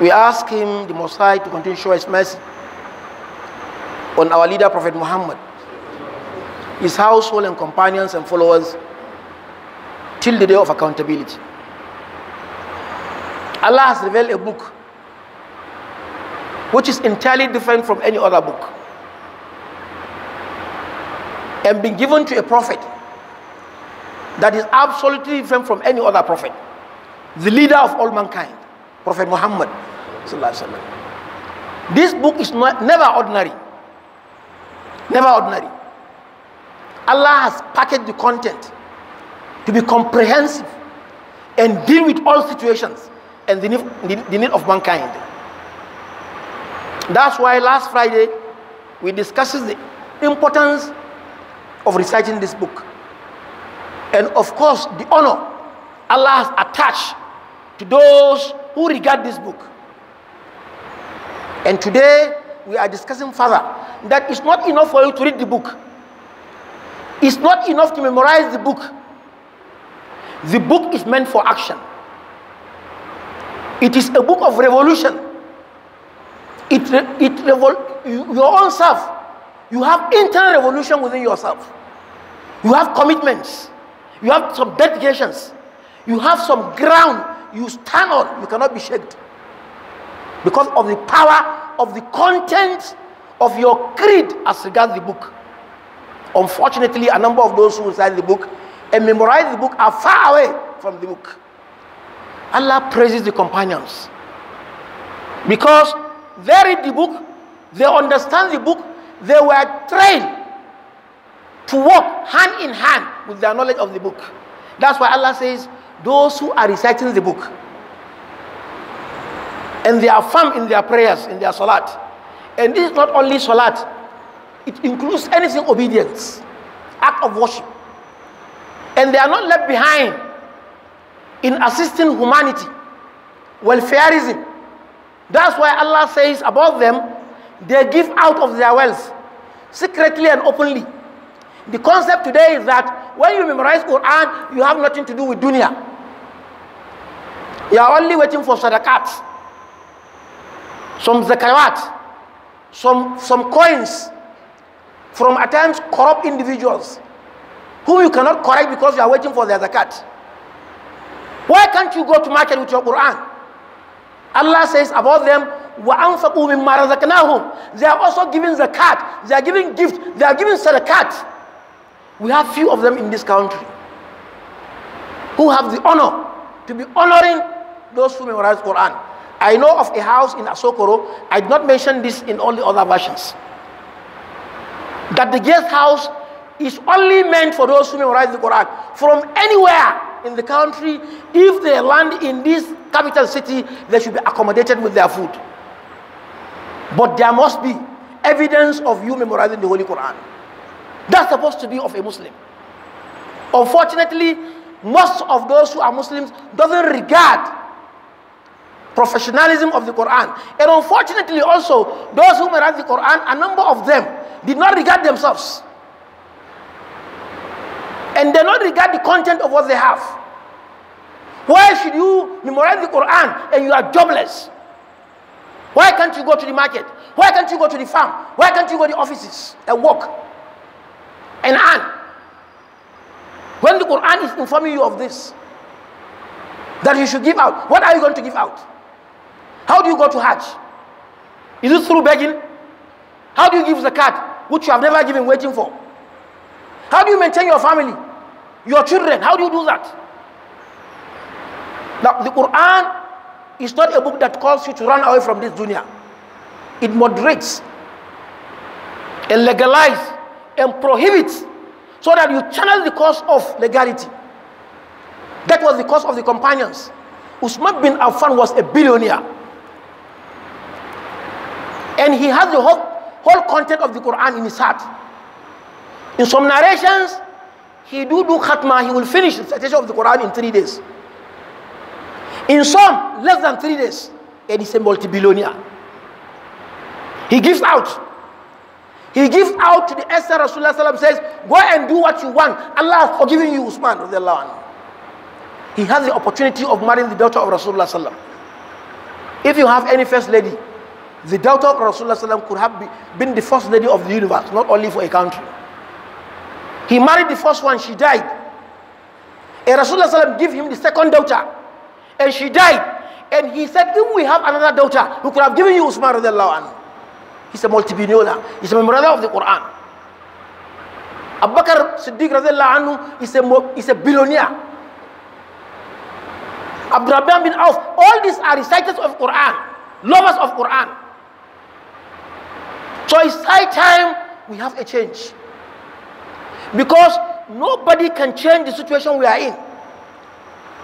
We ask him, the Most High, to continue to show his mercy on our leader, Prophet Muhammad, his household and companions and followers till the day of accountability. Allah has revealed a book which is entirely different from any other book and been given to a prophet that is absolutely different from any other prophet, the leader of all mankind. Prophet Muhammad. This book is not, never ordinary. Never ordinary. Allah has packaged the content to be comprehensive and deal with all situations and the need, the need of mankind. That's why last Friday we discussed the importance of reciting this book. And of course, the honor Allah has attached to those who regard this book. And today we are discussing further that it's not enough for you to read the book. It's not enough to memorize the book. The book is meant for action. It is a book of revolution. It, it revol your own self. You have internal revolution within yourself. You have commitments. You have some dedications. You have some ground you stand on, you cannot be shaken because of the power of the content of your creed as regards the book. Unfortunately, a number of those who recite the book and memorize the book are far away from the book. Allah praises the companions because they read the book, they understand the book, they were trained to walk hand in hand with their knowledge of the book. That's why Allah says, those who are reciting the book and they are firm in their prayers, in their salat. And this is not only salat, it includes anything obedience, act of worship. And they are not left behind in assisting humanity, welfareism. That's why Allah says about them, they give out of their wealth, secretly and openly. The concept today is that when you memorize Quran, you have nothing to do with dunya. You are only waiting for sadaqat, some zakat, some, some coins from at times corrupt individuals whom you cannot correct because you are waiting for their zakat. Why can't you go to market with your Quran? Allah says about them, They are also giving zakat, they are giving gift, they are giving sadaqat. We have few of them in this country who have the honor to be honoring those who memorize Quran. I know of a house in Asokoro, I did not mention this in all the other versions, that the guest house is only meant for those who memorize the Quran. From anywhere in the country, if they land in this capital city, they should be accommodated with their food. But there must be evidence of you memorizing the Holy Quran. That's supposed to be of a Muslim. Unfortunately, most of those who are Muslims doesn't regard professionalism of the Quran. And unfortunately, also, those who memorize the Quran, a number of them did not regard themselves. And they not regard the content of what they have. Why should you memorize the Quran and you are jobless? Why can't you go to the market? Why can't you go to the farm? Why can't you go to the offices and work and earn? When the Quran is informing you of this, that you should give out, what are you going to give out? How do you go to Hajj? Is it through begging? How do you give the card which you have never given, waiting for? How do you maintain your family, your children? How do you do that? Now, the Quran is not a book that calls you to run away from this dunya. It moderates and legalizes and prohibits so that you channel the course of legality. That was the course of the companions. Usman bin Affan was a billionaire. And he has the whole, whole content of the Quran in his heart. In some narrations, he do do khatma, he will finish the citation of the Quran in three days. In some, less than three days. And he's a multi-billionaire. He gives out. He gives out to the extent Rasulullah says, go and do what you want. Allah has forgiven you, Usman. He has the opportunity of marrying the daughter of Rasulullah. If you have any first lady, the daughter of Rasulullah could have been the first lady of the universe, not only for a country. He married the first one, she died. And Rasulullah gave him the second daughter, and she died. And he said, if we have another daughter, who could have given you Usman radiallahu anhu. He's a multibiniola. He's a memorizer of the Quran. Abu Siddiq radiallahu anhu is a, is a billionaire. Abdurrahman bin Auf, all these are reciters of Quran, lovers of Quran. So it's high time we have a change. Because nobody can change the situation we are in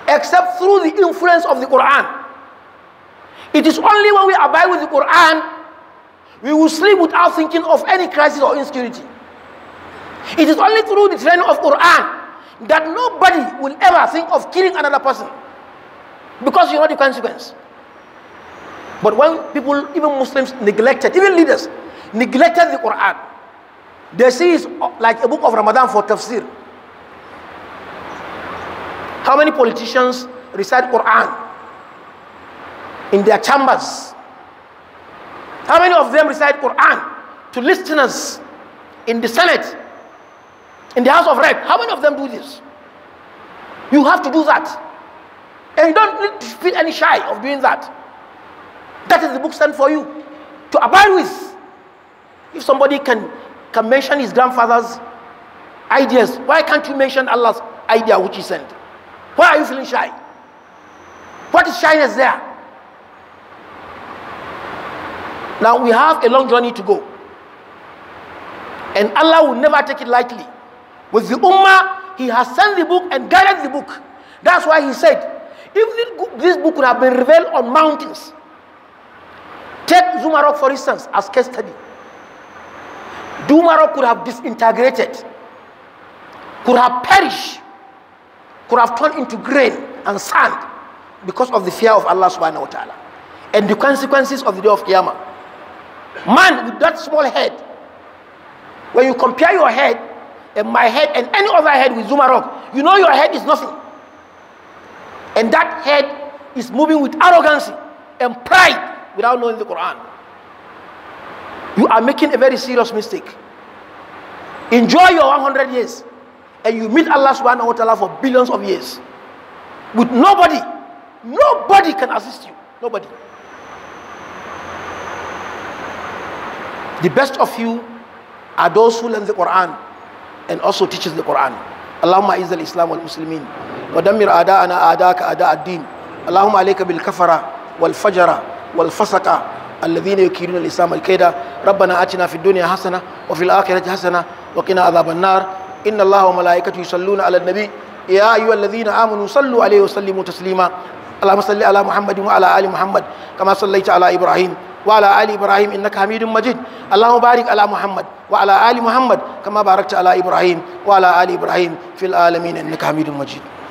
except through the influence of the Quran. It is only when we abide with the Quran we will sleep without thinking of any crisis or insecurity. It is only through the training of Quran that nobody will ever think of killing another person because you know the consequence. But when people, even Muslims, neglected, even leaders, neglected the Quran. They see it like a book of Ramadan for tafsir. How many politicians recite Quran in their chambers? How many of them recite Quran to listeners in the Senate, in the House of Rep? How many of them do this? You have to do that. And you don't need to feel any shy of doing that. That is the book stand for you to abide with. If somebody can, can mention his grandfather's ideas, why can't you mention Allah's idea which he sent? Why are you feeling shy? What is shyness there? Now we have a long journey to go. And Allah will never take it lightly. With the Ummah, He has sent the book and guided the book. That's why He said, if this book would have been revealed on mountains, take Zumarok for instance as case study. Dumaro could have disintegrated, could have perished, could have turned into grain and sand because of the fear of Allah subhanahu wa ta'ala and the consequences of the day of Qiyamah. Man with that small head, when you compare your head and my head and any other head with Zumarok, you know your head is nothing. And that head is moving with arrogance and pride without knowing the Quran you are making a very serious mistake. Enjoy your 100 years and you meet Allah subhanahu wa ta'ala for billions of years with nobody. Nobody can assist you. Nobody. The best of you are those who learn the Quran and also teaches the Quran. Allahumma izz al-Islam wal-Muslimin wa dammir ana a'da'aka a'da' ad-din. Allahumma alayka bil-kafara wal-fajara wal-fasaqa alladhina yukiruna al-Islam al-kaida ربنا آتنا في الدنيا حسنة وفي الآخرة حسنة وقنا عذاب النار إن الله وملائكته يصلون على النبي يا أيها الذين آمنوا صلوا عليه وسلموا تسليما اللهم صل على محمد وعلى آل محمد كما صليت على إبراهيم وعلى آل إبراهيم إنك حميد مجيد اللهم بارك على محمد وعلى آل محمد كما باركت على إبراهيم وعلى آل إبراهيم في العالمين إنك حميد مجيد